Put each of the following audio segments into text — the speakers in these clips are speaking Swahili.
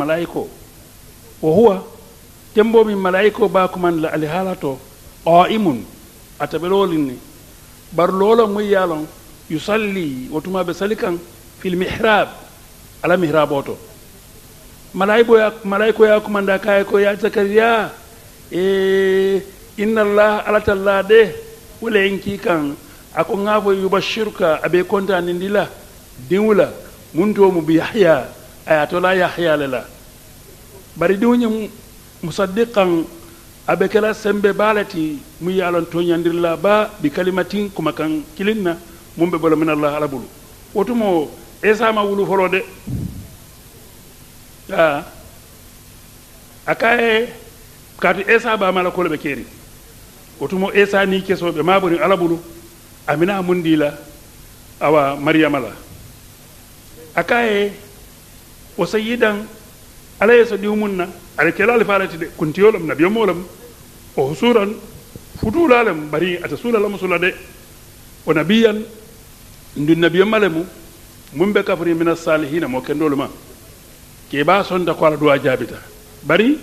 malaiko wa huwa tembo min malaiko bakuman la alhalato to qaimun ataɓelolin ni bar lolo muy yalon yusalli wotumaɓe sali salikan fil mihrab ala mihrab ya malaiko ya kumanda kaye ko ya zakariya e inna allah alatalla de wala inki kan akon ngabo yubashirka abe kontanindi la dinwula mun mu bi yahya ayatola yahyale la bari diwoñe musaddikan aɓe kela sembe baalati mu ye alon toñandirla ba bi kalimatin kuma kan kilinna mum ɓe bolo min allah alabulu wotumo esa ma wulu folo de a akaye katu esa bamala kolo ɓe keeri wotumo esa ni kesoɓe maboni alabulu amina mundi la awa mariama la akaye wa sayyidan ala yeso diwmunna ala kelal farati de kuntiyolam nabiyomolam o husuran futulalem bari ata sulalam sula de o nabiyan ndu nabiyomalemu mum be kafri min as-salihina mo kendoluma ke ba sonda ko ala duwa jabita bari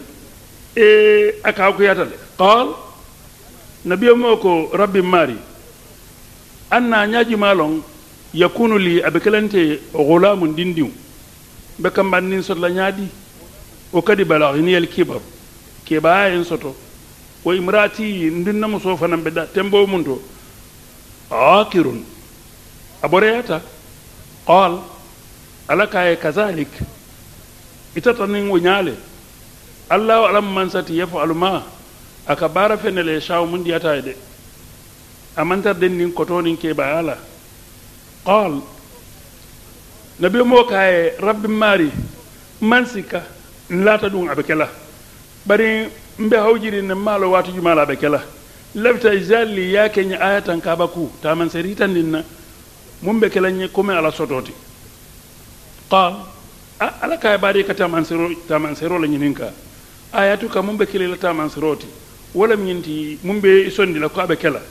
e aka ko yatal qal nabiyomo ko rabbi mari anna nyaaji malon yakunu li abekelante ghulamun dindiw ɓe kam bannin la ñaaɗi o kadi balagini el kibaru keɓaya en soto o imrati ndinnamo so fanan ɓe da tembo mum to akirun aboreyata qal ala kaye kazalik itatanin o ñaale allahu o alamu man sati yafalu ma aka bara fenele shaw mum ndiyata e amantar amantarden nin kotonin keɓaya ala qal no bi moo ka e rabbi maari man sikka laata ɗum aɓe kela ɓari mbe hawjiri ne maalo waato jumaala aɓe kela labita e jalli yaakeñe aya tan kaaba kuu taman se ritandin na mum ɓe kelañe commi ala sotoote qal a ala ka e ɓaadi ka taman sero taman sero la ñinin ka ayatu ka mum ɓe kelila taman serooti wolam ñinti mum ɓe sondi la ko aɓe kela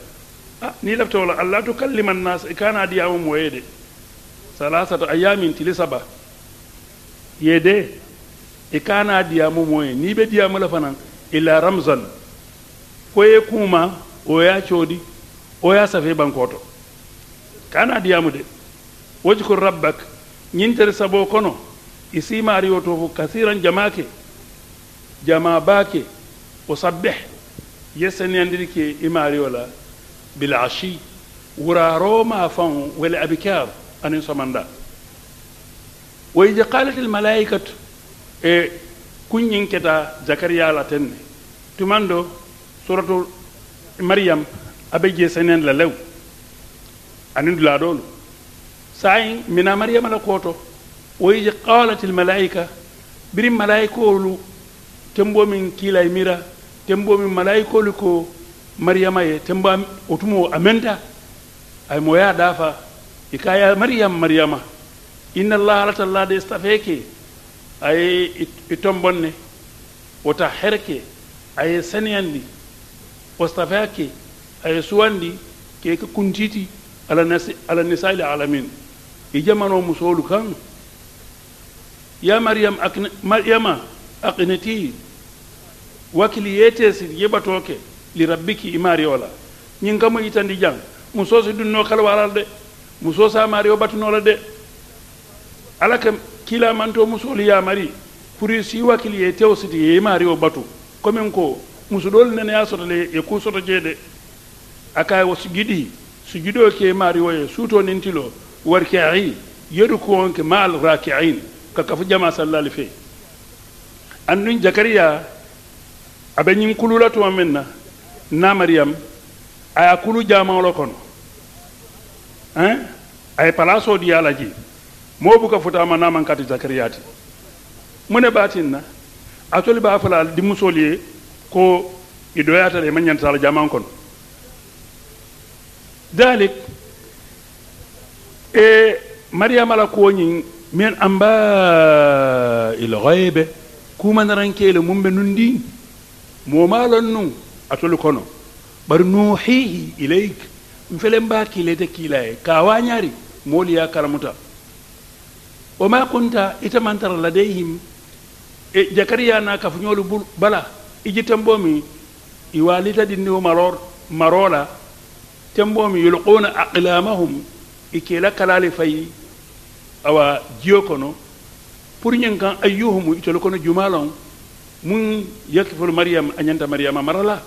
a ni labtawola allatu kalliman nas e kana diyawum woyeede salasatu ayyamin tile saba de i kana diyamu moye ni be diyamu la fana ila ramzan ko ye kuma o ya codi o ya safe bankoto kana diyamu de wajkur rabbak ñintere sabo kono i simariyo to fo kasiran jamake jama bake o sabbeh andiri ke i bil ashi wuraro ma fan wala abikar عن الصمندا وإذا قالت الملائكة إيه كن ينكتا زكريا لاتن تماندو سورة مريم أبي سنين للو أنين لا دولو ساين من مريم لكوتو وإذا قالت الملائكة بريم ملائكولو tembo min kiila e mira tembo min malayikolu ko mariyama ye tembo otumo amenta ay mo ya dafa i ka ya mariam mariama inna llah alatallade safeeke aye i tombon ne wota xereke aye saniyandi wastafeake aye suwandi keeka kuntiti ala nisaili alamin i jamano musolu kan ya mariam mariama aqneti wakili yetesi yeɓatoke li rabbiki i mariola ñing kamo yitandi jang musoso dunno kalawalal de muso sa mari o la de ala ka kila manto musolu ya mari pour si wakili ye tewo siti ye mari o batu commin ko musudol nene ya soto le e ku soto jede aka wo su sujudo ke mari o ye suto nintilo warki'i yedu ko ke mal raki'in ka kafu jama sallallahu fe annun jakariya abe nyin kulula tuma menna na maryam aya kulu jama lo kono ay place odi yaala ji mo buka futama naman kati zakariyati mune batin na atoli ba fala di musoli ko idoyata le manyan sala jaman kon dalik e maryam ala ko nyin min amba il ghaibe kuma naran kele mum be nundi mo malon nu atoli kono bar nuhihi ilayka n felen b'a kilete kiila ye k'a waañaari moolu ye a karamuta wo maa kunta ite man tara ladayhim e jakariya na kafuñoolu bala i ji temboo mi i waalita dinniwo maroo maroo la tenboo mi yulquuna aqlamahum i kiila kalaali fayi awa jio kono pour ñen kan ayyuhum itolu kono jumaa loŋ muŋ yakifolu mariyam a ñanta mariyama mara la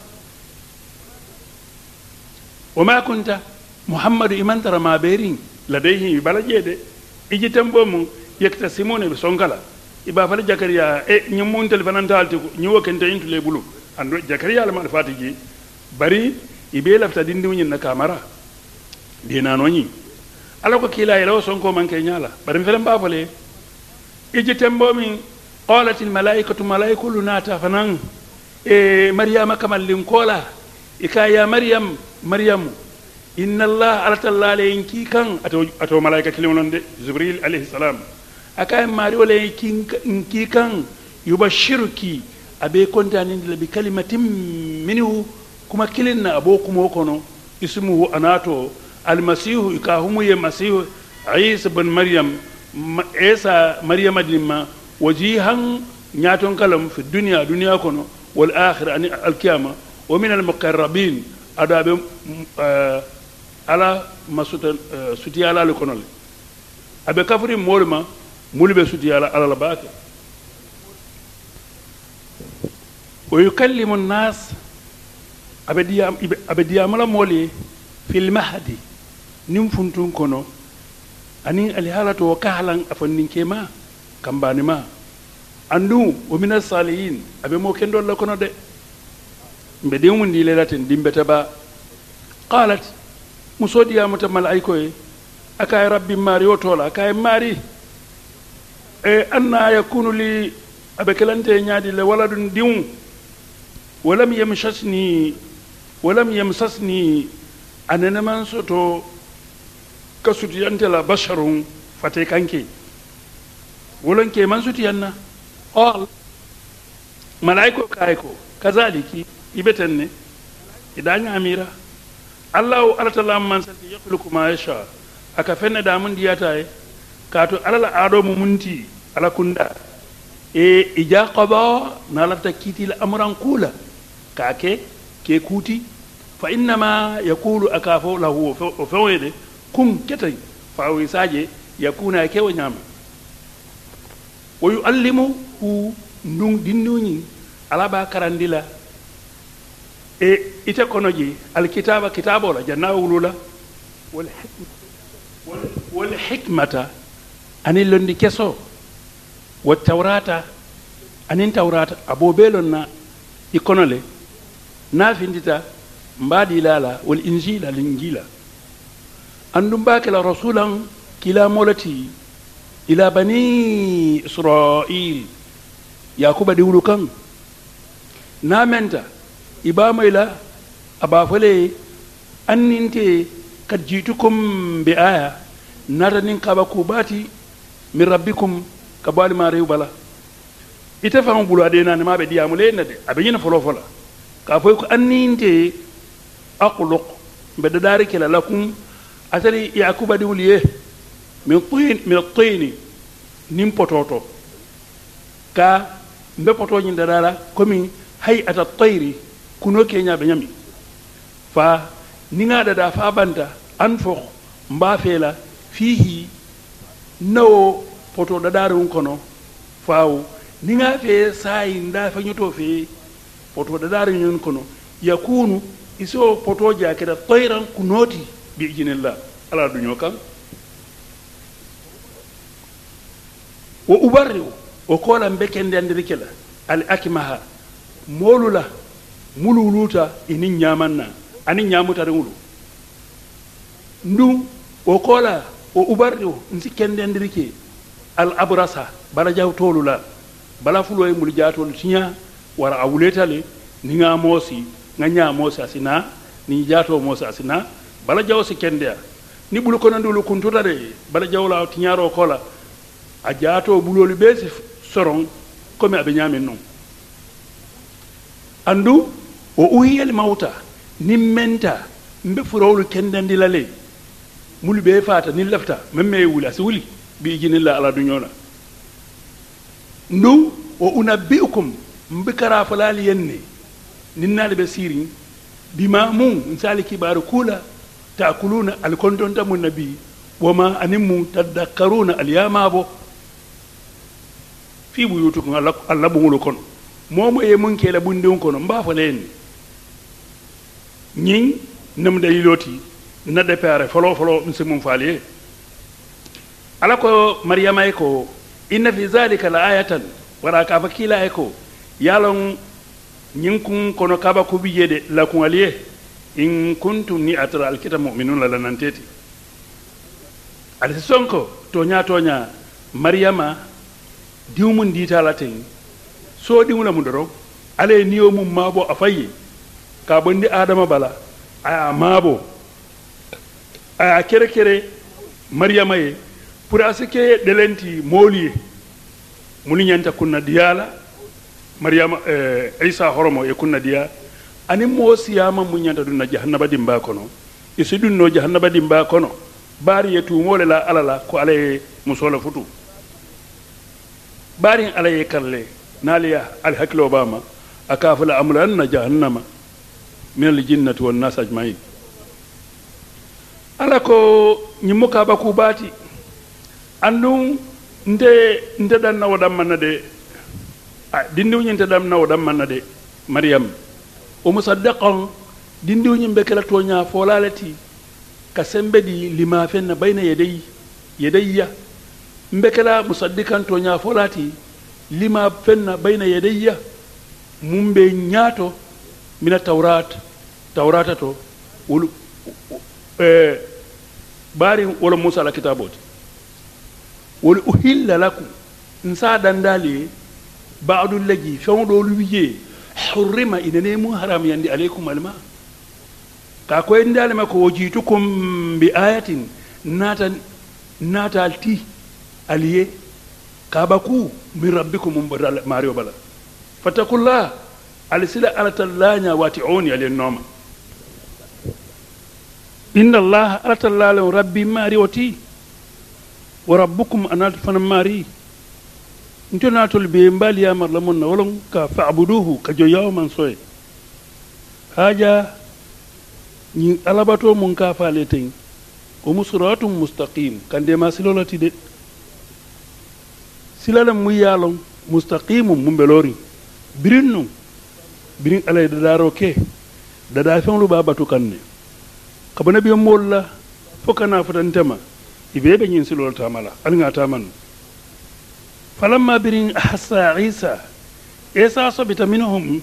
o ma kunta muhammadu imantara ma berin ladayhi balaje de iji tambo mun simone bi songala iba fala jakariya e mun tel fananta alti ko ni kenta intu le bulu ando jakariya al ji bari ibe lafta dindi mun na kamara dina no ala ko kila ila sonko man kay nyala bari felam ba fale iji tambo min qalatil malaikatu malaikulu nata fanan e maryama kamallin kola ika ya maryam maryam inna allah aratalla lalayin yinki kan ato malaika kilimon de jibril alayhi salam aka en mari wala ki kan bai abe kontani de bi kalimatin minihu kuma kilin na abo kuma kono ismuhu anato almasihu ika humu ye masihu isa bin maryam isa maryam adnima wajihan nyaton kalam fi duniya duniya kono wal akhir ani alkiyama ومن المقربين أداب على آه، ما آه، سوتي على لكونل أبي كفر مولما مولبي سوتي على على الباك ويكلم الناس أبي ديام مولي في المهدي نمفنتون كونو أني الهالة وكهلا أفنين كيما كمبانما أنو ومن الصالحين أبي موكين دول لكونو ده mbedin wundi lelatin dimbeta ba qalat muso diya mata malaiko ye akaye rabbi mari o tola akaye mari e anna kunu li abe kelante ñaadi le waladun diŋ walam yamsasni walam yamsasni aneneman soto ka sutiyante la basharun fate kanke wolonke man sutiyanna qal malaiko kaye ko kazaliki iɓeten ne e daña amira allahu alatalamman sati yakluku ma yacha aka fenne damu ndiyata e kato alala aɗomo munti ala kunda e ijaqaba nalata kiitila amran kuula kake ke kuuti fa innama yakulu aka fo lahu o fewede kun ketay fawisaje yakuna kewo ñama wo yuallimu hu ndun dinnuñi alaba karandila e ite kono ji alkitaba kitabo la jannawo wulula wol hikmata ani londi keso wo tawrata anin tawrata abo be lonna i kono le nafindita mbaɗi lala wol injila lin gila andum mbakela rasulan kilamolati ila bani israil yakuba ɗi wulu kan namenta iba mai la a ba fule ibamayla abafale anninte kad jitukum bi aya na ta natanin kaba mi rabbi rabbikum ka bali ma rewu bala ite faŋo bulu ni ma be diyamu le na de a be ñina folo fola ka foy ko anninte aqluq be dadari kela lakum atari yakuba diwul ye min tin min tini nin pototo ka mbe poto ñin dadara komi hay ata tayri kuno keñaɓe ñami fa niŋaɗaɗa fa banta an foh mba la fiihi nawo poto ɗaɗare un kono faw niŋa fe saayi nda feñoto fe poto ɗaɗare ñon kono yakunu iso poto a keta toyran kunooti bi ijinillah ala duño kam wo ubarriu o koolan be andirikela ke la al akimaha moolu la muluuluuta ini ñaamanna ani ñaamutariŋolu ndun o koola o ubardio nsi kendendirike al abrasa bala jawtoolu la bala fulo ye muli jaatoolu tiña wara a wuleta le ni ŋa moosi ŋa ña moosi asi naa niŋ jaatoo moosi asi naa bala jawo si kendeya ni bulu konondiolu kuntuta de bala jawola o tiñaaro ko la a jaatoo buloolu bee si soroŋ komi a be ñaamin nuŋ andu o uyiyel mawta nin menta mbe forowlu kendandila ley muli ɓe faata nin lefta meme e wuli asi wuli mbi jinilla ala duñona ndow o unabbi ukum mbe karafolali yenne ninnaali ɓe siri bima mum nsali kibaru kuula takuluna al kontonta mu nabi woma anin mu taddakaruna alyamabo fi buyutukum allah ɓuŋulu kono momo e mun kela ɓundin kono mbaafo leyenne ñiñ namde na nadde foloo folo folo mi simum yee ala ko mariyama ye ko inna fi zalika la ayatan wara ka fa kiila ye ko yaalon ñiŋ kuŋ kono kaba kubi je de la kuŋali ye in kuntum ni atara alkita muminun la lananteeti ali si ko tooñaa tooñaa mariyama diw mun diita la teŋ soo diŋo la mu doroŋ ala ye niyo mum maabo a fayi ka bondi adama bala aya mabo aya kere kere maryama ye pour asike delenti moliye muni ñanta kunna diyala maryama eh, isa horomo e kunna diya ani mo siyama mu ñanta dunna jahannaba dimba kono e si dunno jahannaba dimba kono baari ye tuumole la ala la ko ala ye musola futu baarin ala ye kalle naaliya ali hakkiloo baama a kaafala amulanna jahannama minal jinnati won nasaj mayin ala ko ñimmokaaba ku baati anndum nde ndeɗan nawo ɗammanna de a dindiwñinte ɗam nawo ɗammanna de mariam o musaddakon dindiwñim ɓe kela toña foolaleti ka sembeɗi limafenna bayna yedeyi yedeyya mbe kela musaddikan toña foolati lima fenna bayna yedeyya mum ɓe ñaato mina tawrat tawrata to wol e eh, bari wala musa la kitabote wol uhilla lakum nsa dandali ba'du laji fon do lubiye hurrima inene mu haram yandi alaykum alma ka ko ndale mako ko wajitukum bi ayatin nata nata alti aliye kabaku min rabbikum mario bala fatakullah alisila alatallanya wati'uni alinoma inna allaha aratallale o rabbi maari o tii wo rabbukum a naatu fana maari nto naatol be mbaaliyamarla mon na wolon ka faabuduhu ka jo yawman soye haaja ñin alabato mum ka faale ten ko musratum mustaqim kande ma silolati de silalen mum yaalon mustaqimum mum ɓeloorin birin num birin alay dadaro ke dada fenlu baabatu kan ne kabana be molla fo kana futantema ibe be nyin silol tamala alnga taman falamma birin ahassa isa isa sabita minhum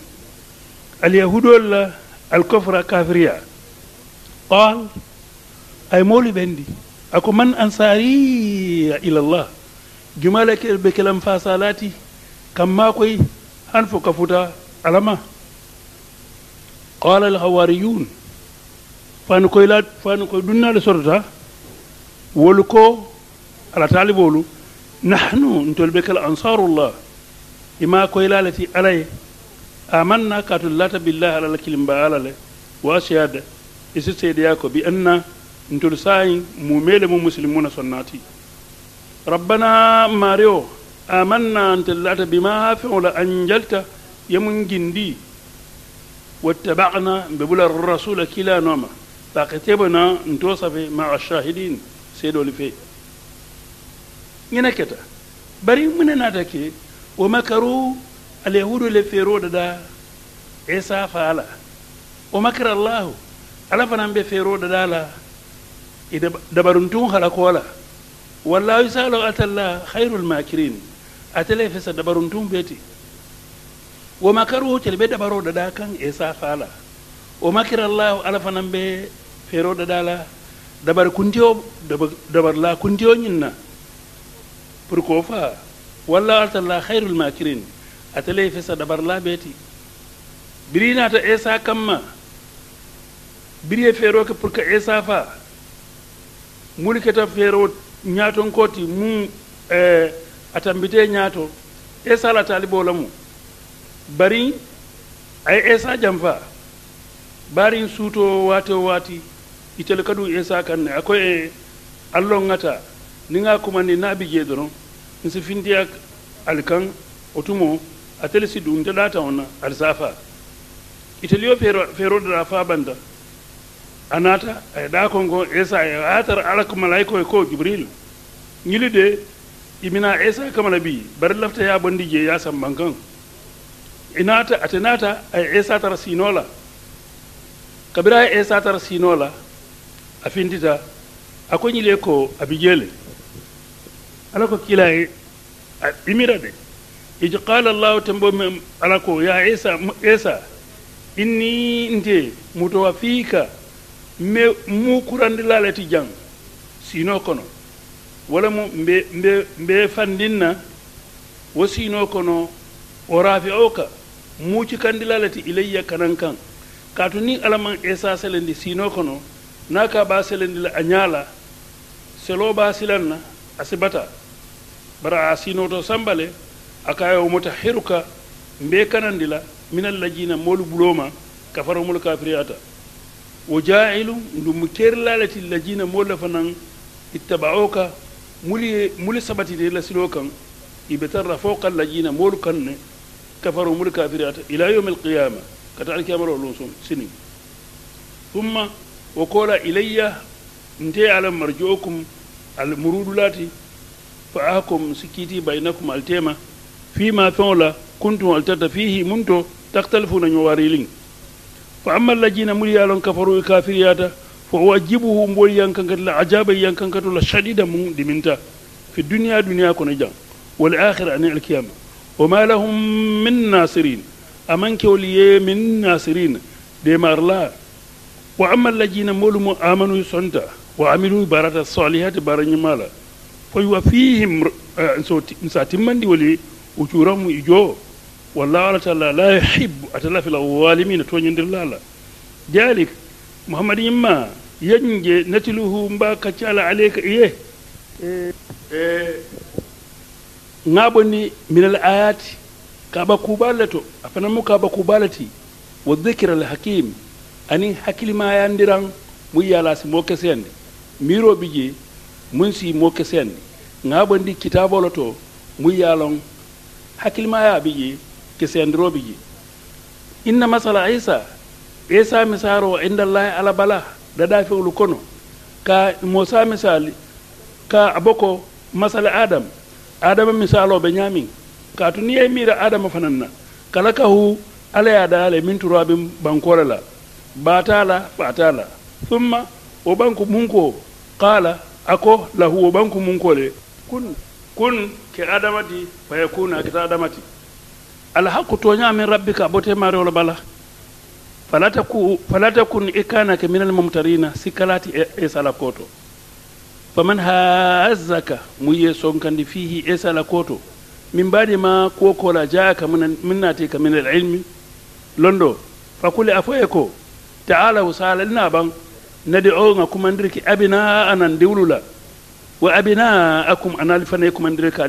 alyahudol alkufra kafiriya qal ay moli bendi ako man ansari ila allah jumala ke be kelam fa salati kamma koy han fo kafuta alama qala alhawariyun fani koyla fani koy dunnale sorota wolu ko ala taalibolu nahnu ntol be kala ansarullah ima koylalati alaye amanna katul lata billahi alala kilimba alale wa siyada isi seedeya ko bi anna ntol saayin mumele mu muslimuna sonnati rabbana mario amanna antel lata bima hafi'ula anjalta yemun gindi wattaba'na bebula rasula kila noma فكتبنا نتوصف مع الشاهدين سيدو لفي ينكتا بري من ناتكي ومكروا اليهود لفي رود دا عيسى فعلا ومكر الله على فنان بفي رود دا لا دبرنتون خلقولا والله يسألوا أتى الله خير الماكرين أتى لي فسا دبرنتون بيتي ومكروا تلبي دبرو دا كان عيسى فعلا ومكر الله على فنان بفي fero da dala dabar kuntiyo dabar la kuntiyo nyinna pour ko fa walla la khairul makirin atale fesa dabar la beti birina ta esa kamma biri e fero ke pour que esa fa muliketa fero nyaton koti mu eh, atambite nyato esa la talibo lamu bari ay esa jamfa barin suto wato wati itel kadu isa e kan ne akoy e allon ngata ni nga kuma ni nabi je doron ni se findi ak alkan otumo atel si dum data ona ali safa yo fero fero da fa banda anata ay e da kongo isa ay atar alak malaiko ko jibril ngili de imina isa kamala bi bar lafta ya bandi je ya sam kan inata atenata ay isa tar sinola kabira isa tar sinola a findita a koñile ko abijeele ala ko kila a ɓimira de ijo qala llahu tembomi ala ko ya isa isa inni nte mutowa fiika mi mukurande laalati jang siino kono wala mu mbe mbe mbe fandinna wo siino kono o raafi o ka muccu kandi laalati ilayya kanan kan kaatu ni alaman isa sele ndi siino kono naka baselendila a ñaala selo basilanna a sibata bara a sinoto sambale akayowmota heruka mbe kanandila minallajina moolu buloma kafaromol kafiriata wo jailu ndum terlalati lajina moolla fanan ittabaoka muli muli sabatide lasilo kan ibetarra foka lajina moolu kanne kafaromol kafiriata ila yomi alqiyama kata alkiyamaro lonson sinin umma وقال إلي انتهي على مرجوكم المرود لاتي فأحكم سكيتي بينكم التيمة فيما ثولا كنتم التت فيه منتو تختلفون نواريلين فأما الذين مليالون كفروا كافرياتا فأواجبهم بولي ينكنكت لعجابا ينكنكت لشديدا من دمنتا في الدنيا دنيا كنجان والآخر عن الكيامة وما لهم من ناصرين أمنك ولي من ناصرين ديمار الله wa amma allajina molumo amanu sonta wa amilu barata salihati bara ñimala fo yuwafihim eh, sa timmandi woli ucuramu i joo wallahu ala taala la yuhibu atala fil walimina toñodirlala jalik muhammad imma yañje natiluhu mba kaccala aleyka iye ŋaɓonni eh, eh, minal ayati kaɓa kuɓalle to afanamo kaɓa kuɓalati wa dhikra al ani hakkilimayandiran mu yalasi mo keseyandi bi je mun si mo keseyandi ŋaɓondi kitabolo to mu yalon bi je keseyandiroɓe je inna masala isa isa misaro indallahi ala bala dada fewlu kono ka mosa misali ka aboko masala adam adama misalo be ñamin ka ni ye mira adama fananna kala kahu ala ya dale min turabim bankore la batala batala thumma o munko qala ako lahu o banku munkole kun kun ke adamati fa yakuna kita adamati alhaqu toña min rabbika bote wala bala falata ku falata kun ke min mumtarina sikalati e, e sala koto faman hazzaka muye sonkandi fihi e sala koto min badi ma kola jaaka min naati ka min ilmi londo fakule afoye ko ta'ala wasala ina ban na da ɗaya kuma na dirki abina a nan diwulula wa abina a kuma ana alifa ne kuma na dirki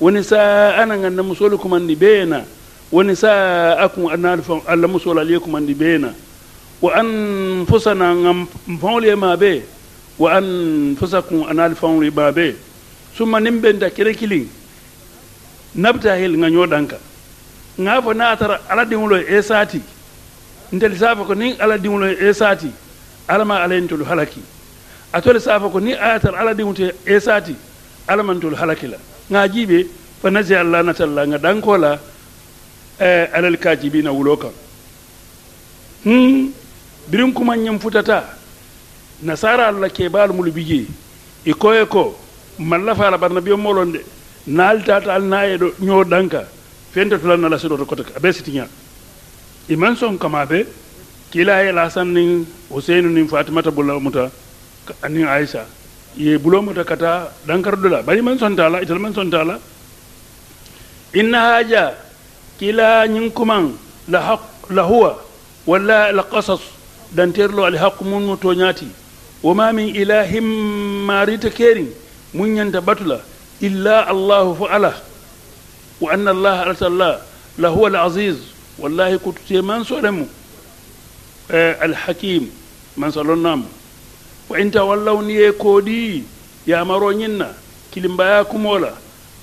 wani sa a nan ganin kuma na dibe na wani sa a kuma ana alifa ala musoli kuma na dibe na wa an fusa na nga mfaunle ma wa an fusa ana alifa wani su ma ni bɛ da kire kili na nga ɲɔ danka nga fa na a ala diwulula e ndel saafa ko nin ala dimulo e saati alama alayntolu halaki a tole saafa ko ni ayatal ala dimute e saati alamantolu halaki la ga jiiɓe fa nasi allah natalla ga ɗankola e, alal kajibina wulo kan hum birin kuman ñin futata nasara allah kebaalu mulu bijee i koye ko malla fala barna biyo molon de naalitata al naye ɗo ñoo ɗanka fentatulannala siɗoto kotoka a be sitiña iman son kama be kila ye lasan nin useinu nin fatimata bulla muta nin aisha ye bulo muta kata dankar dula bari man son tala ital man son tala inna haja kila nyin kuman la haq la huwa walla la qasas dan terlo al haq mun muto nyati wama min ilahim marita kerin mun yanta batula illa allah fu ala wa anna allah ala la huwa al aziz wallahi kutute mansoremu e alhakim mansalonnamu wa inta wallaw ni ye koodi yamaro ñinna kilimbaya kumola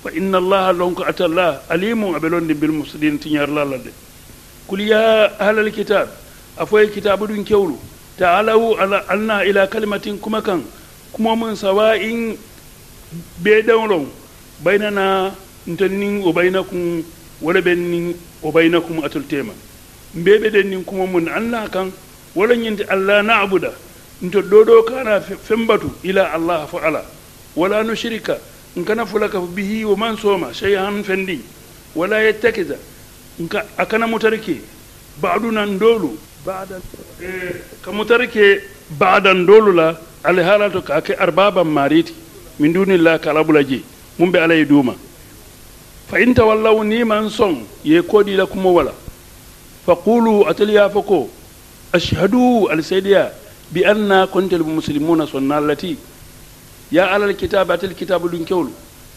fa inna allaha lonko atallah alimum aɓe londi bil musidin tiñarlalla de kul ya ahlal kitab a kitabu ɗum kewlu taalawu ala alna ila kalimatin kuma kuma mun sawain in ɓe ɗewlon baynana ntonin wala benni o baynakum atul tema mbebe den nin kuma mun allah kan wala nyinde allah na'buda nto dodo kana fembatu ila allah fa ala wala nushrika nkana fulaka bihi wa man soma shay'an fendi wala yattakiza nka akana mutarike ba'duna ndolu ba'dan ka mutarike ba'dan dolu la alhalatu ka ke arbaban mariti min dunillah kalabulaji mun be alay duma fa in tawallaw ni man son ye kodi la kuma wala fa qulu ataliya fako ashhadu al saydiya bi anna kuntal muslimuna sunnallati ya alal kitab atal kitab dun kewlu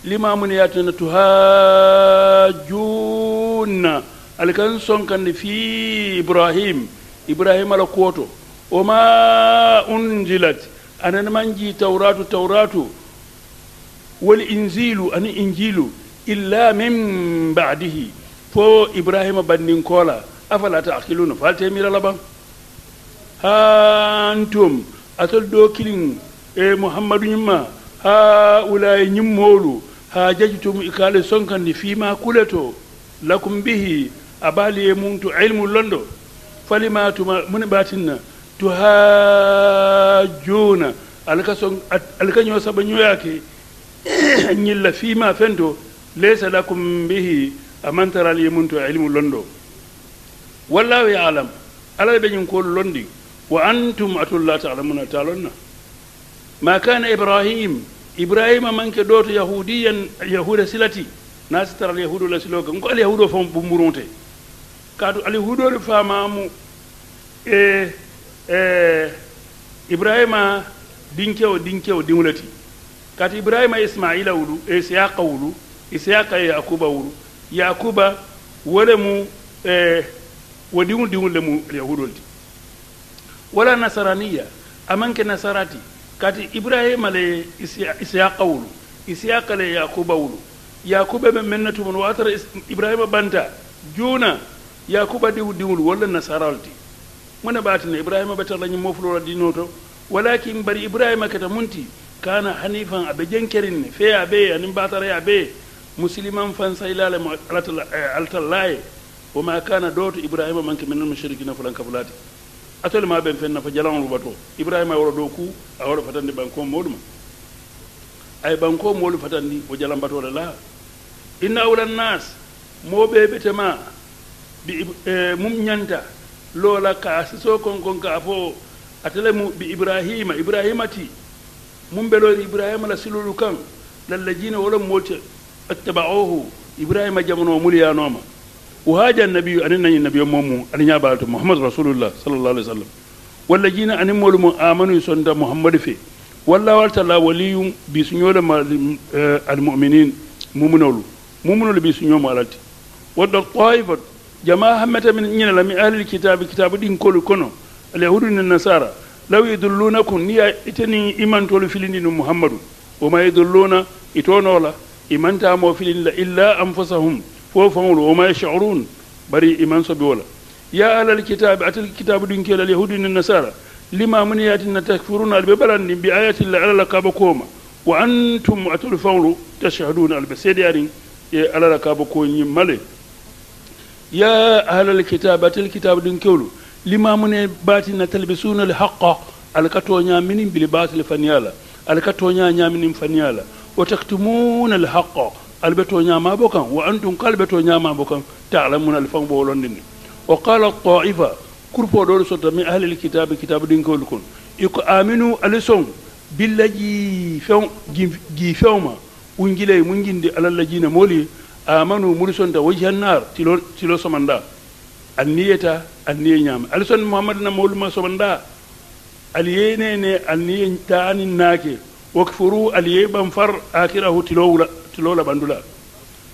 limamun yatuna tuhajjuna al kan son kan fi ibrahim ibrahim ala koto o ma unjilat anan manji tawratu tawratu wal inzilu an injilu illa min ba'dihi fo ibrahima bandin kola afala ta'qiluna falte mira laban hantum atol do kilin e muhammadu nyimma ha ulai nyimmolu ha jajitum ikale sonkandi fima kuleto lakum bihi abali e muntu ilmu londo falima tuma mun batinna tuhajuna alkason alkanyo sabanyo yake nyilla fima fento laysa lakum bihi a mantaral yemunto ilmu londo wallahu alam alaa ɓeñin kol londi wa antum atulla talamuna talonna ma kana ibrahim ibrahima manke ɗoto yahudiyan yahuda silati nasitara al yahudu la silo ga ko al yahudo fom ɓumburonte kaatu al yahudole famamu e e ibrahima dinkewo dinkewo dimulati kaatu ibrahima ismaila wulu e siyaka wulu isiyaka ye yakuba wuru yakuba wale mu eh, wo diŋo diŋo le mu yahudol ti wala nasaraniya amaŋ ke nasarati kati ibrahima le isiyaka wulu isiyaka le yakuba wulu yakuba be meŋ na tumun wo atara ibrahima banta juna yakuba diŋo diŋolu wolu nasarol ti mu ne baatina ibrahima be tara la ñiŋ mofulola dinoo to walakin bari ibrahima keta munti kana hanifan abe jenkerin ne fe abe anin batara abe musiliman fansa ilale mo altallaye eh, wo ma kana doto ibrahima manke men non mushrikina fulan kafulati atol ma ben fenna fa jalan rubato ibrahima woro do ku a woro fatande banko moduma ay banko moolu fatandi o jalan batole la inna awlan nas mo be betema bi eh, mum nyanta lola ka siso kon kon ka fo atale mu bi ibrahima ibrahima ti mum belori ibrahima la silulu kan lalla lallajina wala molte اتبعوه إبراهيم جمنو مليا نوما وهذا النبي أن النبي مومو أن يابالت محمد رسول الله صلى الله عليه وسلم والذين أن مولم آمنوا سند محمد في والله تعالى ولي بسنيول آه، المؤمنين مؤمنول مؤمنول بسنيول مالتي wadda taifat jama'a hammata min إن lami ahlil kitabi kitabu din kolu kono alyahudu ni nasara law yudullunakum niya itani iman tolu filini ni muhammadu wa ma iman ta mo fililla illa anfusahum fo fawlu wa ma yash'urun bari iman so biwola ya alal kitab atal kitab dun kelal yahudi nin nasara lima mun yatin na takfuruna albe barandi bi ayati la ala kaba koma wa antum atul fawlu tashhaduna albe da yarin e ala kaba ko nyi male ya alal kitab atal kitab dun kewlu lima mun batin na talbisuna al haqqa alkato nya minin bil batil faniyala alkato nya nya minin faniyala وتكتمون الحق البتو نياما بوكان وانتم قلبتو نياما بوكان تعلمون الفن بولون دين وقال الطائفه كربو دول سوت من اهل الكتاب كتاب دين كولكون يكو امنوا السون بالذي فون جي فوما ونجلي منجندي على الذين مولي امنوا مرسون وجه النار تلو تلو سمندا النية النية نيام السون محمد نمول ما سمندا الينين النية تاني ناكي wakfuru aliyeɓam far akirahu tilowula tilowula ɓandula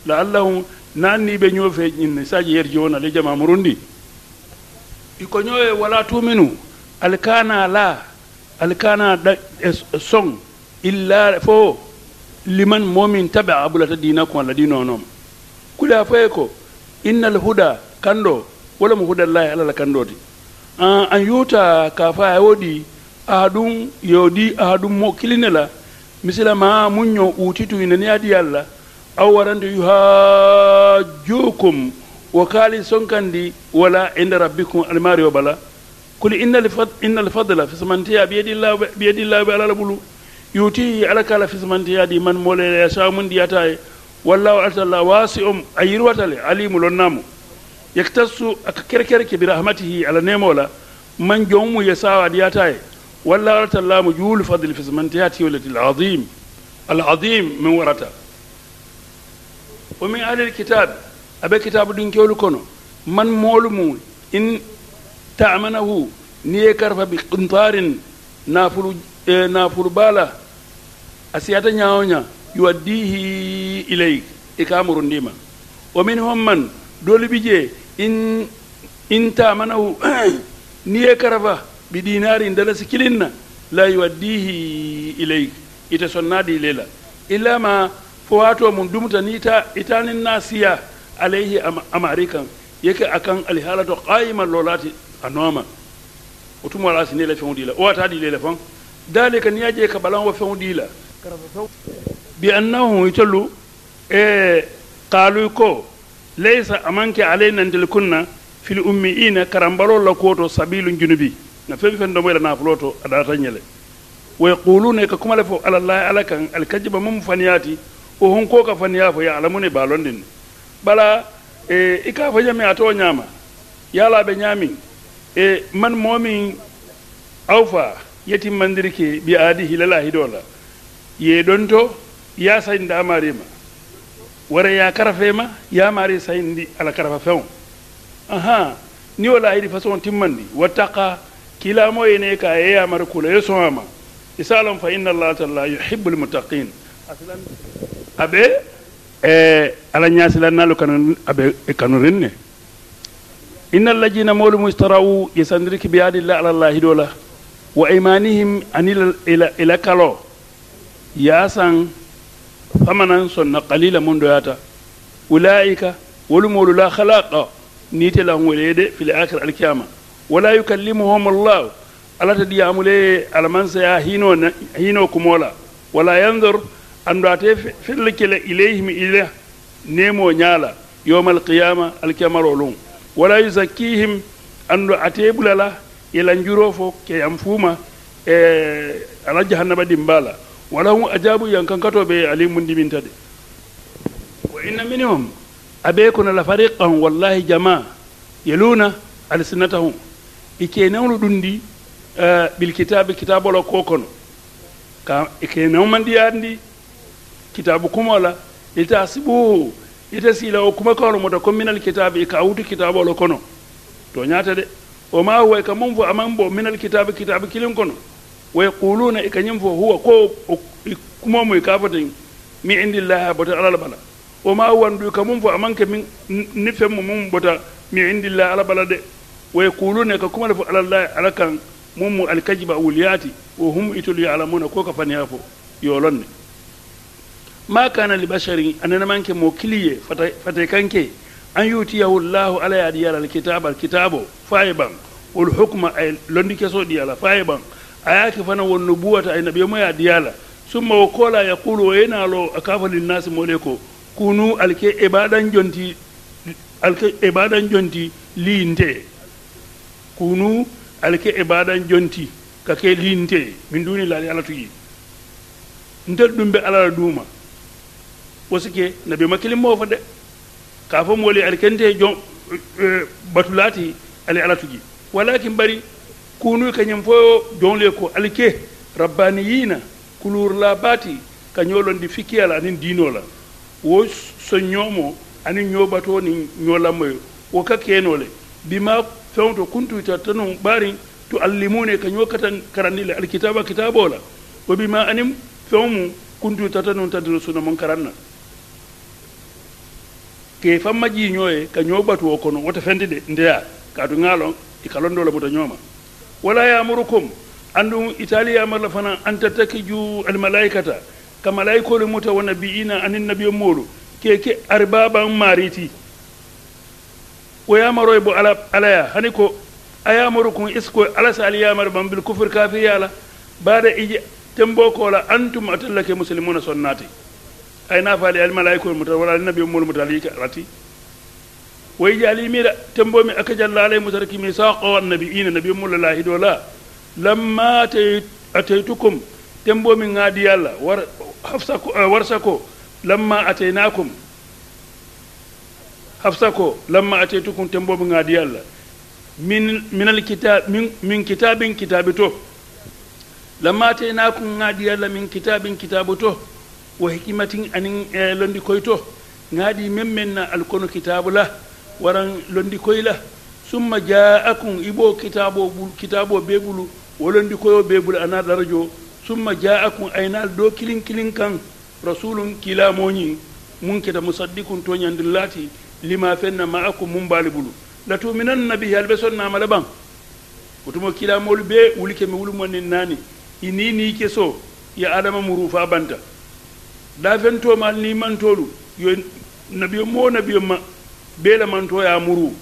la allahu nanniɓe ñoofe ñinne sadji yer jiwon ale jama murundi iko ñoowe wala tuminu alkana la alkana e, song illa fo liman momin taɓe abulata dinakum allah dinonoma kuli a foye ko inna alhuda kanɗo wolemo hudallahi alalah kanɗo ti ah, an yuta ka fa a woɗi a ɗum yewdi a ɗum mo kilinela misila ma muñño uutitu inani adi allah aw warande yuhajjukum wo kaali sonkandi wala inde rabbicum almaario bala kuli inna alfadla fisamantiya ɓiyeɗillaɓe alalaɓulu yuutihi ala kala fisamantiyaadi man molele ya saa mum ndiyata e wallahu altalla wasi om a yirwatale alimu lonnamo yektassu aka kerkerke bi rahmatihi ala nemola man jomumu ya saa adiyata e ولا رت الله مجول فضل في زمنتياتي والتي العظيم العظيم من ورثة ومن أهل الكتاب أبي كتاب دين كيولو كونو من مولمو إن تعمنه نيكر بقنطار نافل إيه، نافل بالا أسياتا نياونيا يوديه إليك إكامر النيمة ومنهم من دول بيجي إن إن تعمنه نيكر بقنطار bidinarin dalasi kilinna la yuwaddihi ilayk ite sonnaadi lela illa ma fo waato mum dumta ni ta itanin nasiya alayhi amari kan yeke akan alihaala to qayima lolaati a nooma o tum wala si nela feŋo la o wataadi lela faŋ dalika niŋ ye je ka balan wo feŋo la bi annahum itolu e qaaluy ko laysa amanke alay nantel kunna fil ummiina karambalol la kuwoto sabilun junubi na feŋ feŋ domo ila naafulo to a daata ñe le wa ne ka kuma le fo alallahi ala kan alkajiba mum faniyaati o honko ka faniyaa fo ye alamuni baalondin ne bala e, i ka fo ñami ato ñaama ye ala be ñaamiŋ e, eh, man moo miŋ aw fa yetimmandiri ke bi aadihi lala hidoo la ye donto ye a sayindi maarima wara ya a ya ye maari sayindi ala karafa feŋo aha ni wo lahidi façon timmandi wattaka kila moye ne ka ye amar kula ye soma ma isalam fa inna allah ta'ala yuhibbul muttaqin aslan abe eh ala nyasila nalu kanu abe kanu rinne inna allajina mawlu mustarau yasandriki bi adilla ala allah dola wa imanihim anil ila ila kalo yasan famanan sonna qalila mun doyata ulaika wal mawlu la khalaqa nitela ngolede fil akhir al qiyamah wala yukallimuhum allah alata ɗi amule alamansa hino hino kumola wala yandur andu ate felle kele ilayhim ila nemo ñaala yowma alqiyama alkemarolum wala yuzakkihim andu ate bulala ila njuro fo ke yam fuuma e ala jahannaba dimbala wala hum ajabu yankankatoɓe alimundiminta dimintade wa inna minhum abe kono la fariqan wallahi jama yeluna alsinatahum ɓe kenawno ɗum ndi ɓil e, kitabe kitabola kokono ka e kenawman ndiyaat ndi kitabu kumola ita siɓoo ita siila o kuma kolo mota comminal kitabe e ka wuti kitabolo kono to ñaata de o ma huway e ka mum fo aman bo minal kitabe kitabe kilin kono way quluna e kañum fo huwa ko e kumamuy kafaten mi indillahi bota alal bala o ma huwanndu ka mum fo amanke min ni femmo mum bota mi indillahi alabala de wa yaquluna ka kuma lafu alallahi alakan mummu alkajiba wuliyati wa hum itul ya'lamuna ko ka fani fo yolonne ma kana li basharin anana manke mo kiliye fata kanke an yutiyahu llahu ala ya diyala alkitaba alkitabo fayiban wal hukma ay londi keso diyala fayiban ayaki fana won nubuwata ay nabiyo mo ya diyala summa wo kola yaqulu wa yanalo akafa linnasi mole ko kunu alke ibadan jonti alke ibadan jonti liinte kunu alke ibadan jonti kake linte min duni la ala tuyi ndel dum be ala duma wasike nabi makilim mo fa de ka fa moli alkente jom e, batulati ali ala tuyi walakin bari kunu kanyam fo jonle ko alke rabbaniyina kulur la bati kanyolon di fikiyala anin dinola wo so nyomo anin nyobato ni nyolamoy wo kakenole bima fewto to kuntu itarta noon ɓaariŋ to allimune kañum katan karandi le alkitaba kitabola wo bima anim fewmu mu kuntu itarta noon tadiro suna mon karanna ke famma jiiñoo ye kañoo batu o kono wota fendi de ndeya kaatu ŋaalon i la muta ñooma wala yamurukum andum italiya marla fana an tattakiju almalaikata ka malaikolu muta wa nabiina anin nabiyo moolu keke arbaban maariti wa ya maro ala alaya hani ko a maro kun isko alasa sali yamar ban bil kufur kafi yala da iji tembo ko la antum atallake muslimuna sonnati ay na faali al malaikul mutal wala nabiyyu mul rati wa way jali da tembo mi aka jalla alay musarki mi saqo wan nabiyina nabiyyu mul la hidola lamma ataytukum tembo mi ngadi yalla war hafsa ko eh, warsa ko lamma ataynakum hafsa ko lamma ateytukum temboɓe gaadi allah min minal kitab min min kitabin kitabi to lamma ateynakum gaadi allah min kitabin kitabu to wo hikimatin anin e londikoy to gaadi men menna alkono kitabu la waran londikoy la summa jaakum iɓo kitabo kitabo beɓulu wo londikoyo beɓulu ana daradio summa jaakum aynal ɗo kilin kilin kan rasulum kilamoñi mun keta musaddikum to ñandin laati lima fenna maakum mum mbaali bulu latuminanna bihi alɓe sonnamala ɓan otumo kilamolu ɓe wuli kemi wulumonin naani inini keso yo adama muru fa banta lafentoma al ni mantolu yo nabiyo mo nabiyo ma ɓeela mantoya muru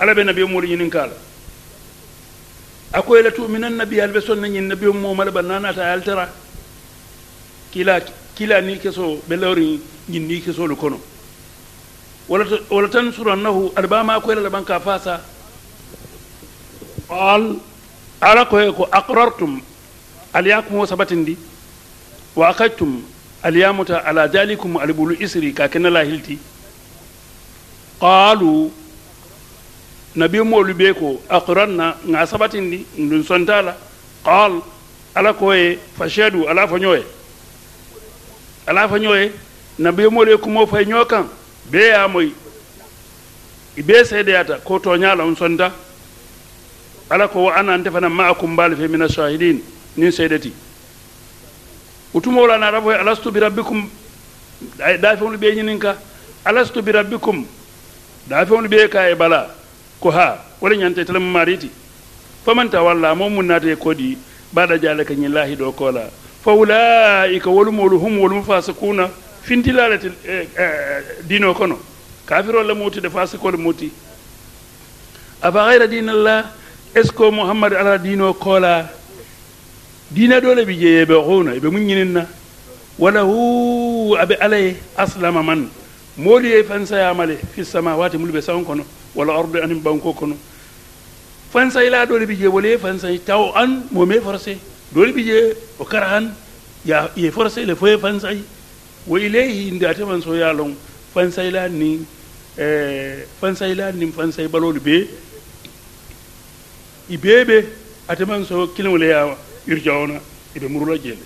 ala ɓe nabiyo molu ñinin kaala akoye latuminanna bihi alɓe sonna ñin nabiyo momala ɓan nanata altara kila kila ni keso be lawri ñin nii kesoolu kono walatan suran nahu alba ma kwaila da banka fasa al alako ya ko akurartum aliyakun wasa batin di wa akaitum aliyamuta ala jalikum albulu isri kakin na lahilti qalu nabi molube ko akuran na nga sabatin di ndun sontala qal alako ya fashadu alafa nyoye alafa nyoye nabi molube kumo fay nyokan be ya moy be seedeyata ko to nya la on sonta ala ko wa ana ante fana maakum mbaali fe mina shahidin nin seedeti utumowola na foye alastu bi rabbikum daafeŋolu ɓe ñinin ka alastu bi rabbikum daafeŋolu ɓe ka e bala ko ha wole ñante tele mu maariti famanta walla mo mun naata e kodi baɗa jaalaka ñillahi ɗo kola fa ulaika wolumolu hum wolumu fasikuna fintilalete eh, eh, dino kono kafirolle muti de fasikole muti afa hayra dinallah est ce que mouhammad ala dino koola dina dole bi jeeye ɓe xuuna ɓe muñininna wala hu aɓe alaye aslama man moolu ye fansayamale fi samawati mulu ɓe sawn kono wala orde anin banko kono fansay la dole bi jee wala ye fansay taw an mome forcé dole bi je o kara an ya ye forcé le foye fansay wa ilayhi inda ta man soya lon fansai la eh fansai la fansai balol be ibebe ataman so kilin le yawa irjauna ibe murula jele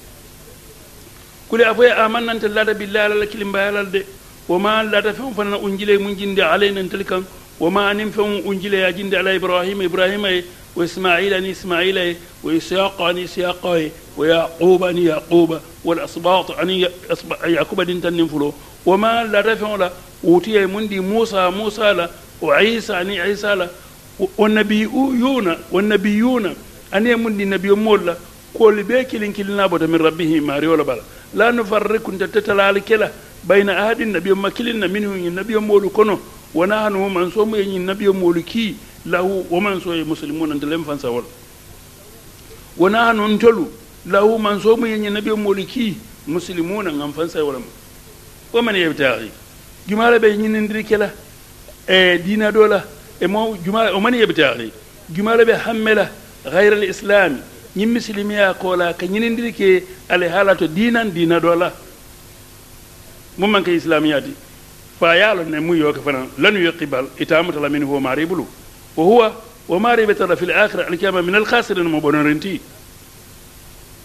kule afoye amannanta lada billahi kilim bayalal de unjile mun jinde anin fen unjile ya jinde ala ibrahima ibrahima e, wa ismaila ni ismaila e, wa ni e, wa yaquba ni yaquba wala asbat ani yakuba din tan nin fulo woma latafeo la wutiye mun ɗi moussa moussa la o isa ani isa la o nabi yuna o nabi yuna ani e mun ɗi nabi omol la kooli ɓe kilin kilinaɓota min rabbihi e mario la bala la nofarrikunta tetalali kela bayna ahadin nabi omma kilinna min hui e nabi omolu kono wona hano woman somo e ñin nabi omolu ki lahu woman so e muslimunantelen fansawol wona hano ntolu له من صوم ينبي مولكي مسلمون ان فانسا ولا ومن يبتغي جمالة بين ندري كلا دينا دولا مو جمالة ومن يبتغي جمالة بحملة غير الإسلام ñin misilimiya kola ka ñinindiri ke ale hala to dinan dina do la mum man ke islamiyati fa yalo ne mu yoke fana lan yuqbal itamata la min huwa maribulu wa huwa wa maribata fil akhirah al kiyama min al khasirin mubanurinti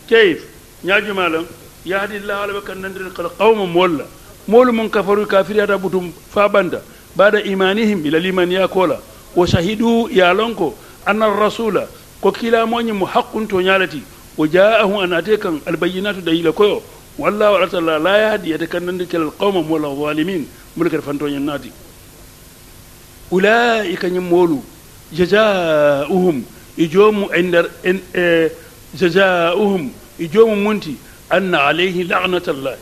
keyif ñaajuma lan yahdi llahu ala bakka nandiren kala qawma moolla moolu mon kafaru kafiri ata butum fabanta baada imanihim ila liman yakola wo sahidu yalonko anna rasula ko kilamoñi mo haqqunto ñalati wo jaahum an ate kan albayinatu dalila koyo wallahu ala talla la yahdi yate kan nandir kalal qawma moolla walimin mbole kadi fantoñen naati ulaika ñim moolu jajauhum e joomu e nder e jazaa'uhum ijomu munti anna alayhi la'natullah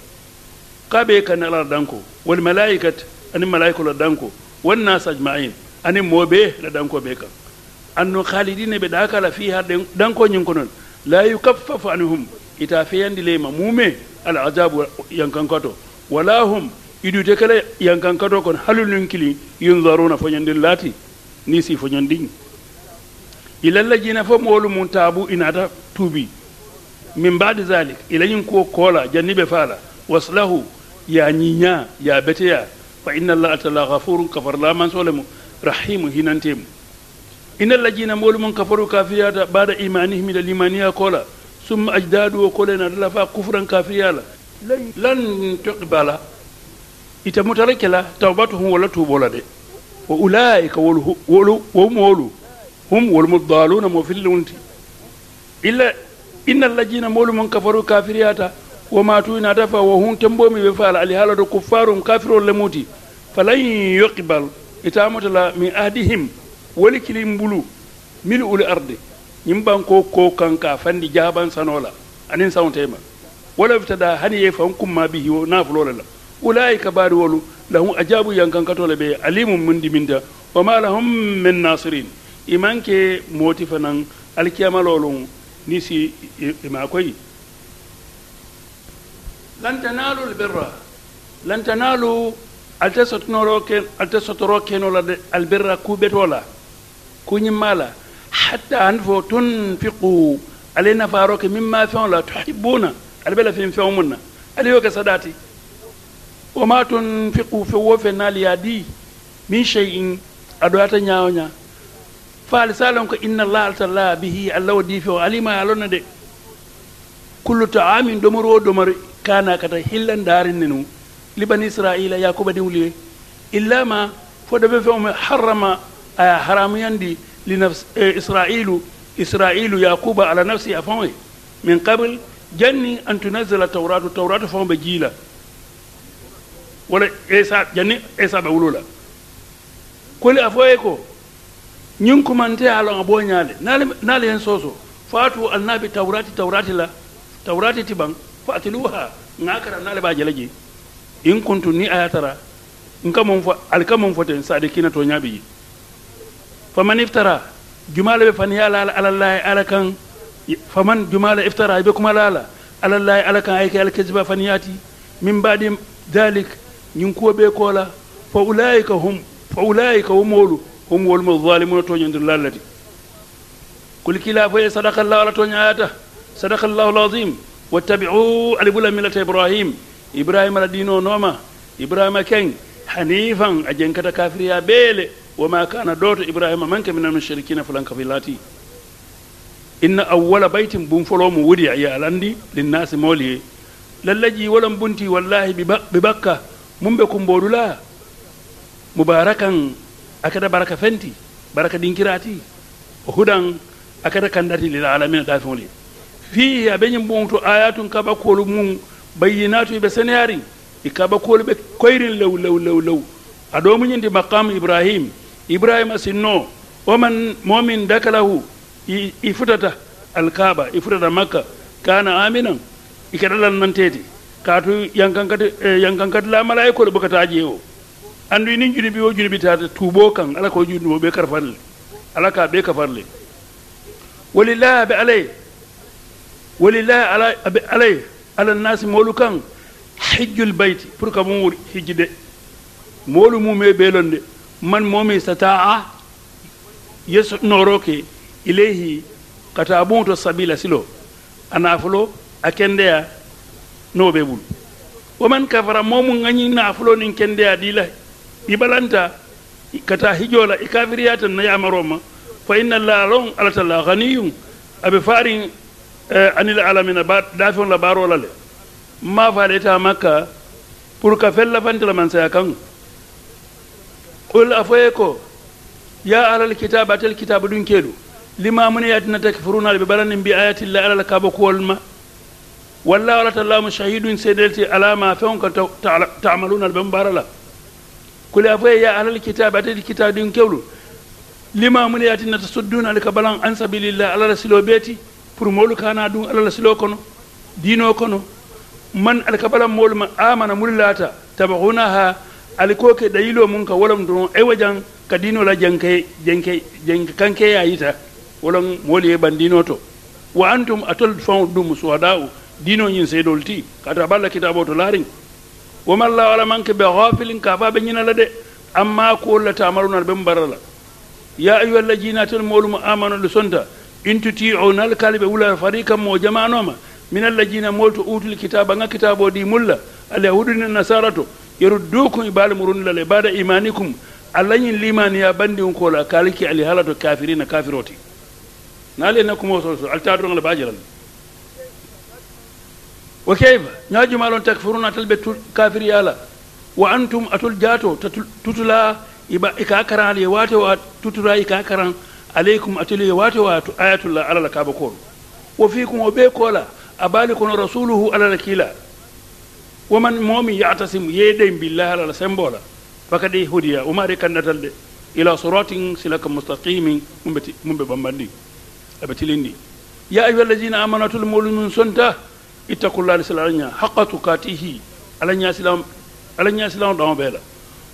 kabe kan ala danko wal malaikat ani malaikul danko wan nas ajma'in ani mobe la danko be kan anno khalidina be dakala fiha danko nyin konon la yukaffafu anhum ita fiyandi le mamume al azabu yankankato wala hum idute kala yankankato kon halulun kili yunzaruna fonyandin lati ni si fonyandin إلى الذين فمولوا من تابوا إن أدى توبي من بعد ذلك إلى ينكو كولا جنب فالا وصله يا نينا يا بتيا فإن الله تعالى غفور كفر لا من سلم رحيم هنا تيم إن الذين مولوا من كفروا كافيا بعد إيمانهم إلى الإيمانية كولا ثم أجدادوا وكولا نرلفا كفرا كافيا لن تقبل إتموت لك لا توبتهم ولا توبوا لدي وأولئك ولو ولو hum walmudaluna mo fillunti illa inna allajina mawlumon kafaru kafiriyata wo matuyna tafa wo hun temboomi ɓe faala ali haalado kuffaru um kafirol lemuti falan yoqibal e tamotala min ahdihim woli kilim mbulu mili uli arde ñim banko ko kanka fanndi jaaban sanola anin sawtema walawtada haniye fan kumma bihi o nafulole la ulaika baari wolu lahum ajabu yankankatole ɓe alimum mundiminta wama lahum min nasirine i man ke mooti fanaŋ alikiyamalooluŋ ni si i maa koyi lan tanaalu lantanaalu lan tanaalu alte sotinoro ke alte sotoro keno la de albirra kuɓeto la kuñimma la hatta an fo tunfiqu ale faro ke mimma feŋo la tuhibuna ale be la fin feŋo mun na ale yo ke sadati wama tunfiqu fe wo fe naali ye di min cheyin adoyata ñaawo faali salon ko inna allah altalla bihi allah waddi fi o alima alonna de kullu taamin domoro o domori kana kata hillan darinne nu li bani israila yakuba diwliwe illa ma fode ɓe fewme harrama aya haramuyandi li nafs israilu israilu yakuba ala nafsi a fawe min qable janni an tunazila tawratu tawratu fawo ɓe jiila wala esa janni esa ɓe wulula koli a foye ko ñiŋ kumante ye a loŋ a boo ñaale naale yen soosoo faatu bi tawrati tawrati la tawrati ti baŋ faatiluha ŋa kara le baa jele je in kuntu ni ayatara nka moŋ fo ali ka moŋ fo teŋ saade kiina to ñaabi je faman iftara jumaa le be faniya la ala alallahi ala kaŋ faman jumaa la iftara i be kuma la ala alallahi ala kaŋ a ye ke alkesiba faniyaati min baadi dalik ñiŋ kuwo bee koo la fa ulaika hum fa ulaika wo moolu hum wolmo zalimuna toñodir lallati kul kilafoye sadakallahu ala toñayata sadakallahu lazim wattabiu alibula millata ibrahim ibrahima ala ɗino nooma ibrahima ken hanifan a jenkata kafiriya beele wama kana doto ibrahima manke minal mushrikina fulanka filati inna awwala baytin bum folomo wudi a yiya alandi linnasi mooliye lallaji walan bunti wallahi bi bakka mum ɓe kumboɗula mubarakan akada baraka fenti baraka dinkirati o hudan akada kandati lil alamin da fuli fi ya benyi bonto ayatun kaba kolu mun bayyinatu be saniyari ikaba kolu be koirin law law law law ado mun yindi maqam ibrahim ibrahim asinno man mu'min dakalahu ifutata alkaba ifutata makka kana aminan ikadalan nan tete katu yankan kat eh, la malaikol bukata jewo anduy nin junibi o junibi tata tuuɓo kan ala ko junibo ɓe karfanle ala ka ɓe kafanle walillahi aɓe alaye walillahi ala aɓe alaye ala nnasi molu kan hijjul bayti pour que mumwuri hijji de molu mume ɓelonde man momi stata'a yes noroke ileyhi kata ɓunto sabila silo a nafolo a kendeya no ɓe ɓul woman kafara momu gañi nafolo nin kendeya ɗilahe ibalanta balanta kata hijola i kafiriya tan na yamaroma fa inna allaha lon alatalla ghaniyun abe farin anil alamina ba dafin labaro lale ma fa ita maka pour ka fella fantila man saya kan qul afaye ko ya alal kitaba tal kitaba dun kedu limamun yatina takfuruna bi baranin bi ayati llahi alal kaba kuwalma wallahu ala tallahu shahidun sayyidati alama fa on ka ta'maluna al barala kul afa ya ahlal kitabi atati kitabin kewlu lima mun yati nata sudduna alka balan an sabilillah ala rasilo beti pour molu kana dun ala rasilo kono dino kono man alka balan molu ma amana mulata tabahunaha aliko ke dayilo mun ka walam don e wajan ka dino la jenke jenke jenke kanke ya yita walam moli e bandino to wa antum atol fa'dum suwadau dino nyin sedolti kata balla kitabo to laring وما الله ولا منك بغافل كافا بنينا لدي أما كل تعملون البمبرلا يا أيها الذين تلمولم آمنوا لسنتا إن تطيعون الكلب ولا فريقا موجما نوما من الذين مولت أوتوا الكتاب أن كتابه دي ملا اليهود النصارى يردوكم يبال مرون لله بعد إيمانكم alayin limani ya bandi un kola kaliki ali كافرين kafirina kafiroti nale na kuma so wa kayfa ñaajuma lon takfuruna tal ɓe kafir yaala wa antum atul jato tutula iba ika karan ye waate wa tutura ika karan alaykum atul ye wa ayatullah alala kaaba kono wa fikum o ɓe koola a baali kono rasuluhu alala kiila woman momi yatasim yeeɗen billahi ala sembola fakadi hudiya umari kandatal de ila siratin silaka mustaqimin mumbe mumbe bambandi abatilindi ya ayyuhallazina alladina amanatul mawlumin sonta ittaqullaha lisal alanya haqqa tuqatihi alanya silam alanya silam dama bela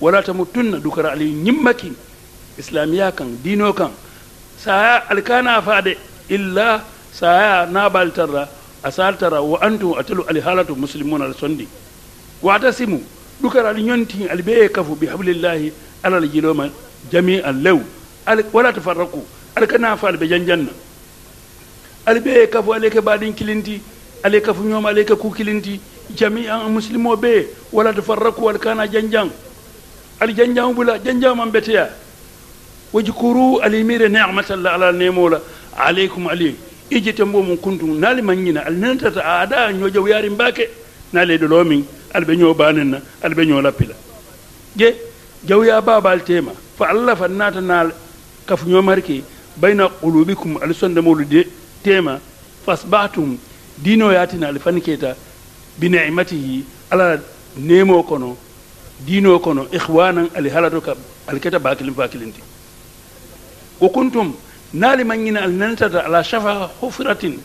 wala tamutunna dukara ali nyimmaki islamiya kan dino kan saya alkana fade illa saya na baltarra tara wa antum atalu alhalatu muslimuna alsondi wa simu dukara ali nyonti albe kafu bi ala alal jiloma jami'an law wala tafarraqu alkana fa albe janjanna albe kafu alike badin kilinti ale ka fuñooma ale ka jami jami'an muslimo be wala farraku wal kana janjang ali janjang bula janjang man beteya wajkuru ali mire ni'matallah ala la alaykum ali ijete mbo mun kuntum nali manñina ali nanta ta ada ñojaw yari mbake naali do lomi al be ñoo banen na ali ɓe ñoo lappila je baba babal tema fa allah fa nal kaf kafuñoomar marke bayna qulubikum al sondemolu de tema fasbahtum dino yatina alifaniketa bini'imatihi ala nemo kono dino kono ikhwanan ali ka aliketa bakilin bakilinti wo kuntum naali mañina al nanatata ala shafa hufratin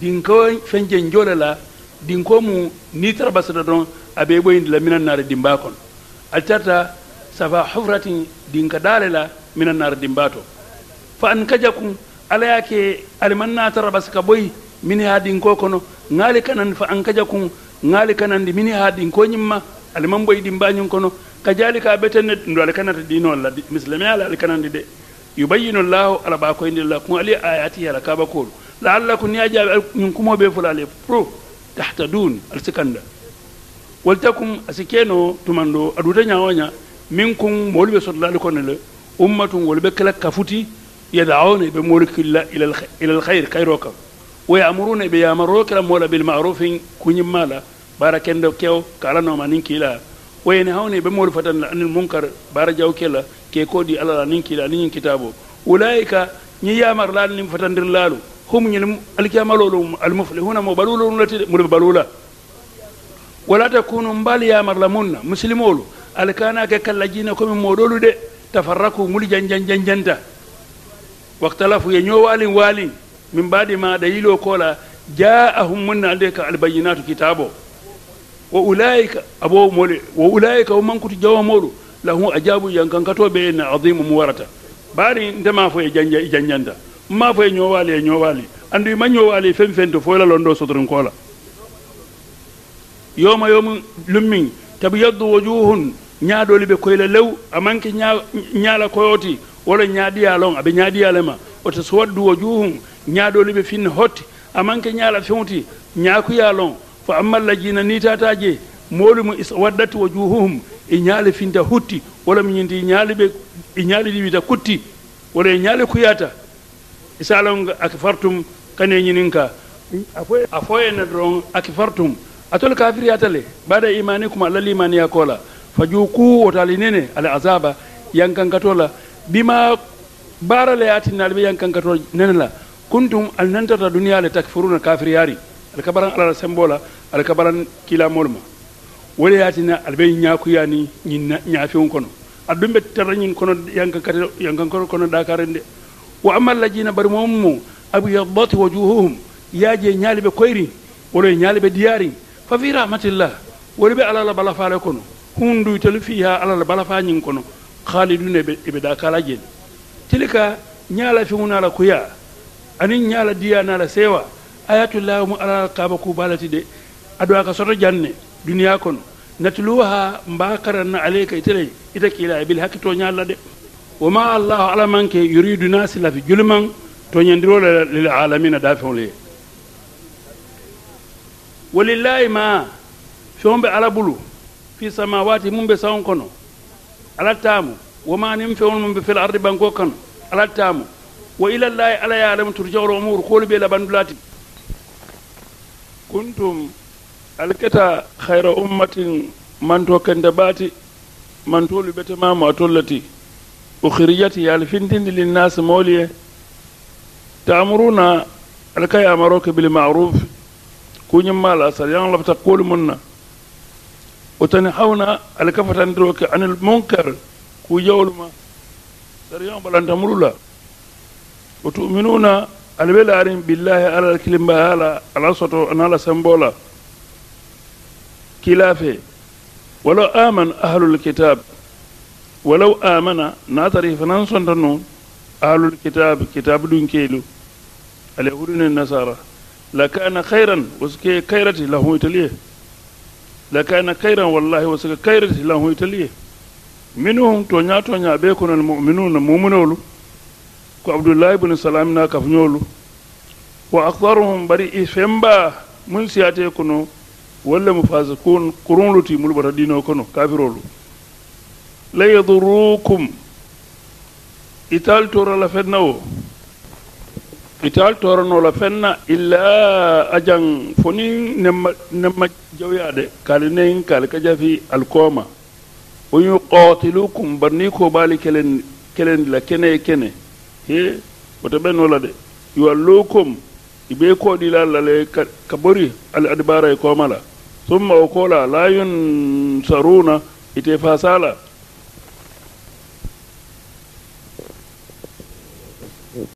dinko fenje njole la dinko mu ni da don abe ɓoyindi la minan naare dimba kono altata safa hufratin dinka dale la minan naare dimba to fa an kajakum ala yake aliman na tarabasa ka ɓoyi mini haadin ko kono ŋaali kanandi fa ankaja kun ŋaali kanandi mini haadin ko ñimma aliman boyidin bañin kono ka kajalika ne ndo ali kanata dinol la misilame ala ali kanandi de yubayinu llahu ala ba koyndi la kun ali ayati ala kaba kolu laallakum ni ajaabe kumoo kumoɓe fula ale pro tahtadun al sikanda waltakum asi keno tumando aduta ñawoña min kun moolu ɓe sotolaali kono le ummatun wolu ɓe kela kafuti yadauna ɓe moolu killa ilal khayr kayro kam ويأمرون بيأمروا كلا مولا بالمعروف كوني مالا باركن دو كيو كالا نوما نينكيلا وينهون بمول فتن عن المنكر بارجاو كيلا كي كودي على نينكيلا نين كتابو أولئك ني يامر لا نيم فتن لالو هم ني الكاملولو المفلحون مبلولو مبلولا ولا تكونوا مبال يامر لمنا مسلمولو alkana ke kallajina komi moɗolu de tafarraku جان جان جان waktalafu ye ينيو walin walin min badi ma dalilo kola ja'ahum mun na ka albayyinatu kitabo wa ulaika abo mole wa ulaika wa man kutu jawa molu lahu ajabu yankan kato be na azimu muwarata bari ndema fo e janja e janjanda ma fo e nyowale e nyowale andu ma nyowale fen fen to fo la londo sotrin kola yoma yom lummin tabyaddu wujuhun doli be koyla lew a nya ñaala koyoti wala ñaadiyalon aɓe ñaadiyalema o so suwaddu wujuhun ñaaɗoliɓe finna hotti amanke ñaala fewti ñaakuya lon fo amma lajina nitataje molumo waddati wo juhuhum e ñaale finta hutti wala mi ñinti ñaali ɓe e ñaali ɗiwita kutti wala e ñaali kuyata e aki fartum kane ñinin ka a foyene ɗon akifartum atol kafiriyata le baɗa imanikum koola fa kola fajuku wotaali nene ala azaba yankankatola bima baara le ɓe yankankato nene la kuntum al nantata duniya le takfuruna kafir yari al kabaran ala sembola al kabaran kila molma wala yatina al bay nyaaku yani nyaafew kono adum be tarra kono yankan kata yankan kono kono dakar de wa amma allajina bari mom abyadati wujuhuhum yaje nyaali be koyri wala nyaali be diyari fa fi rahmatillah wala be ala bala faale kono hundu tel fiha ala bala fa nyin kono khalidun be be dakar jeni tilika nyaala fi munala kuya anin la sewa ayatul la mu ala kaaba ku balati de adu aka soto janne duniya kono natluha mba karanna alayka itele ita kila bil hakki to ñalla de wa ma allah ala ke yuridu nasi fi julman to la lil alamina da walillahi ma feŋo ala bulu fi samawati mumbe sawon kono ala tamu wa ma nim fe mum mumbe fil ardi banko kono ala tamu وإلى الله على يعلم ترجع الأمور قول بلا بندلات كنتم الكتا خير أمة من دباتي من تولي بتمام أتولتي أخرجتي الفندن للناس مولية تأمرون الكي أمروك بالمعروف كوني مالا سريان لفتا قول منا وتنحون الكفة عن المنكر كو يولما سريان بلان تمرو وتؤمنون على بلارين بالله على الكلمة على على صوت على سمبولا كلافه ولو آمن أهل الكتاب ولو آمن ناتري فنان صندنون أهل الكتاب كتاب دون كيلو اليهود النصارى لكان خيرا وسكي كيرتي له يتليه لكان خيرا والله وسكي كيرتي له يتليه منهم تونيا تونيا بيكون المؤمنون مؤمنون ko abdullahi ibn salam na kafñolu wa aktharuhum bari i mun siyate kono walla mo fasikun kurunluti mulu bata dino kono kafirolu la yadurukum ital tora la fenna o ital tora no la fenna illa ajan foni nemma nemma jawyade kali nen kali kajafi alkoma o yuqatilukum barni ko bali kelen kelen la kene kene he wata ɓennola de yowa lowkom i e ɓe koɗila lale ka bori ali adibara e komala summa o kola layun saruna ite fasala